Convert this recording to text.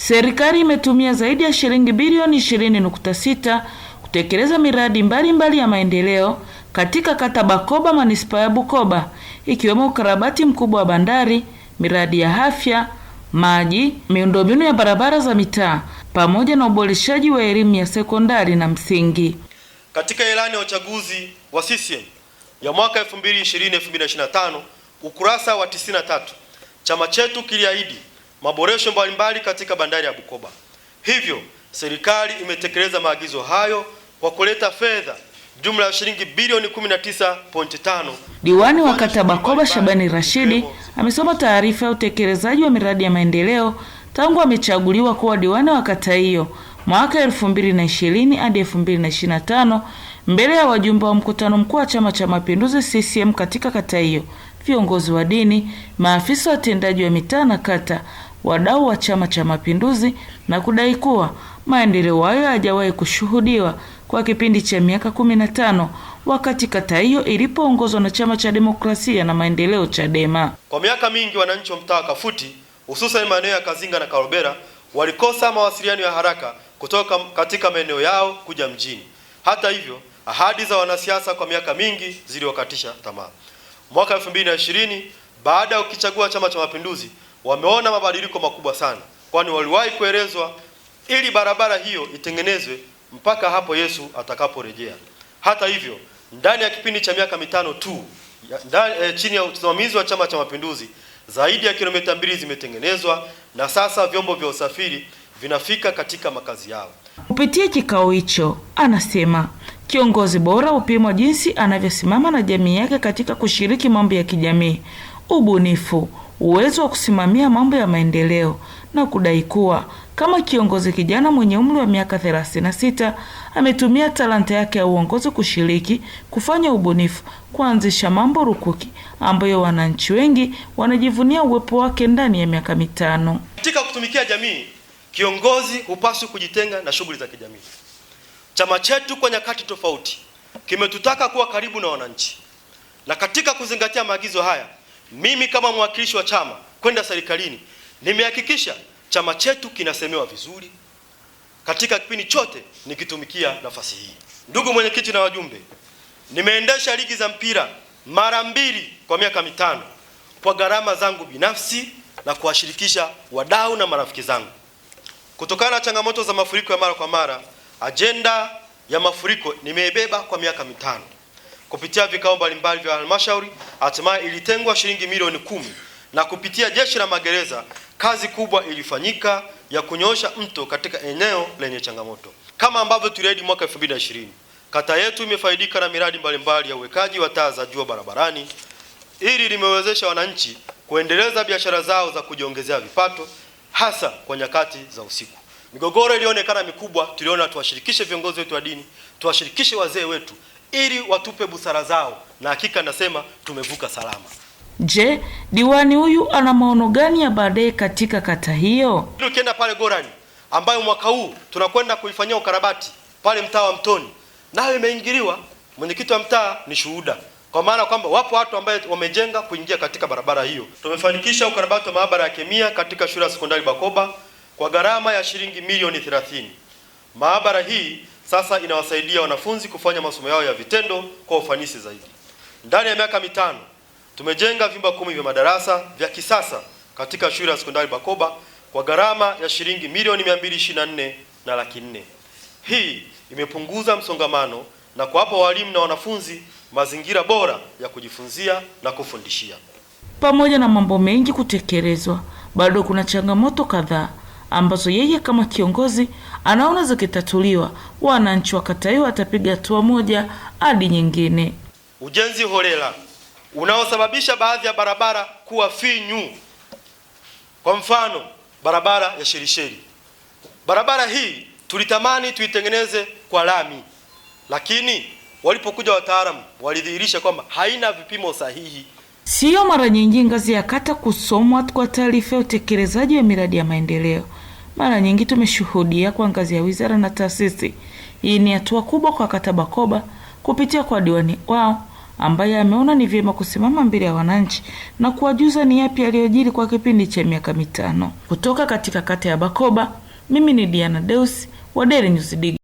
Serikali imetumia zaidi ya shilingi bilioni sita kutekeleza miradi mbalimbali mbali ya maendeleo katika kata Bakoba manispaa ya Bukoba ikiwemo ukarabati mkubwa wa bandari, miradi ya afya, maji, miundombinu ya barabara za mitaa pamoja na uboreshaji wa elimu ya sekondari na msingi. Katika ilani ya uchaguzi wa CCM ya mwaka 2020-2025 ukurasa wa 93 chama chetu kiliahidi maboresho mbalimbali katika bandari ya Bukoba. Hivyo serikali imetekeleza maagizo hayo kwa kuleta fedha jumla ya shilingi bilioni 19.5. Diwani wa kata Bakoba Shabani Rashidi amesoma taarifa ya utekelezaji wa miradi ya maendeleo tangu amechaguliwa kuwa diwani wa kata hiyo mwaka 2020 hadi 2025 mbele ya wajumbe wa mkutano mkuu wa Chama cha Mapinduzi CCM katika kata hiyo, viongozi wa dini, maafisa watendaji wa mitaa na kata wadau wa Chama cha Mapinduzi na kudai kuwa maendeleo hayo hayajawahi kushuhudiwa kwa kipindi cha miaka kumi na tano wakati kata hiyo ilipoongozwa na Chama cha Demokrasia na Maendeleo Chadema. Kwa miaka mingi wananchi wa mtaa Kafuti hususan maeneo ya Kazinga na Karobera walikosa mawasiliano ya haraka kutoka katika maeneo yao kuja mjini. Hata hivyo, ahadi za wanasiasa kwa miaka mingi ziliwakatisha tamaa. Mwaka 2020 baada ya kukichagua Chama cha Mapinduzi wameona mabadiliko makubwa sana, kwani waliwahi kuelezwa ili barabara hiyo itengenezwe mpaka hapo Yesu atakaporejea. Hata hivyo, ndani ya kipindi cha miaka mitano tu ndani, eh, chini ya usimamizi wa Chama cha Mapinduzi zaidi ya kilomita mbili zimetengenezwa na sasa vyombo vya usafiri vinafika katika makazi yao. Kupitia kikao hicho, anasema kiongozi bora hupimwa jinsi anavyosimama na jamii yake katika kushiriki mambo ya kijamii, ubunifu uwezo wa kusimamia mambo ya maendeleo na kudai kuwa kama kiongozi kijana mwenye umri wa miaka 36 ametumia talanta yake ya uongozi kushiriki kufanya ubunifu, kuanzisha mambo rukuki ambayo wananchi wengi wanajivunia uwepo wake ndani ya miaka mitano. Katika kutumikia jamii, kiongozi hupaswi kujitenga na shughuli za kijamii. Chama chetu kwa nyakati tofauti kimetutaka kuwa karibu na wananchi, na katika kuzingatia maagizo haya mimi kama mwakilishi wa chama kwenda serikalini, nimehakikisha chama chetu kinasemewa vizuri katika kipindi chote nikitumikia nafasi hii. Ndugu mwenyekiti na wajumbe, nimeendesha ligi za mpira mara mbili kwa miaka mitano kwa gharama zangu binafsi na kuwashirikisha wadau na marafiki zangu. Kutokana na changamoto za mafuriko ya mara kwa mara, ajenda ya mafuriko nimeibeba kwa miaka mitano kupitia vikao mbalimbali vya halmashauri, hatimaye ilitengwa shilingi milioni kumi na kupitia jeshi la magereza kazi kubwa ilifanyika ya kunyoosha mto katika eneo lenye changamoto. Kama ambavyo tuliahidi mwaka 2020, kata yetu imefaidika na miradi mbalimbali ya uwekaji wa taa za jua barabarani. Hili limewezesha wananchi kuendeleza biashara zao za kujiongezea vipato, hasa kwa nyakati za usiku. Migogoro ilionekana mikubwa, tuliona tuwashirikishe viongozi wetu wa dini, tuwashirikishe wazee wetu ili watupe busara zao, na hakika nasema tumevuka salama. Je, diwani huyu ana maono gani ya baadaye katika kata hiyo? Ukienda pale Gorani ambayo mwaka huu tunakwenda kuifanyia ukarabati pale mtaa wa Mtoni, nayo imeingiliwa. Mwenyekiti wa mtaa ni shuhuda, kwa maana kwamba wapo watu ambao wamejenga kuingia katika barabara hiyo. Tumefanikisha ukarabati wa maabara ya kemia katika shule ya sekondari Bakoba kwa gharama ya shilingi milioni 30. Maabara hii sasa inawasaidia wanafunzi kufanya masomo yao ya vitendo kwa ufanisi zaidi. Ndani ya miaka mitano tumejenga vyumba kumi vya madarasa vya kisasa katika shule ya sekondari Bakoba kwa gharama ya shilingi milioni 224 na laki nne. Hii imepunguza msongamano na kuwapa walimu na wanafunzi mazingira bora ya kujifunzia na kufundishia. Pamoja na mambo mengi kutekelezwa, bado kuna changamoto kadhaa ambazo yeye kama kiongozi anaona zikitatuliwa, wananchi wa kata hiyo watapiga hatua moja hadi nyingine. Ujenzi holela unaosababisha baadhi ya barabara kuwa finyu, kwa mfano barabara ya Shirisheri. Barabara hii tulitamani tuitengeneze kwa lami, lakini walipokuja wataalamu walidhihirisha kwamba haina vipimo sahihi. Siyo mara nyingi ngazi ya kata kusomwa kwa taarifa ya utekelezaji wa miradi ya maendeleo mara nyingi tumeshuhudia kwa ngazi ya wizara na taasisi. Hii ni hatua kubwa kwa Kataba Koba kupitia kwa diwani wao ambaye ameona ni vyema kusimama mbele ya wananchi na kuwajuza ni yapi yaliyojiri kwa kipindi cha miaka mitano. Kutoka katika kata ya Bakoba, mimi ni Diana Deus wa Daily News Digital.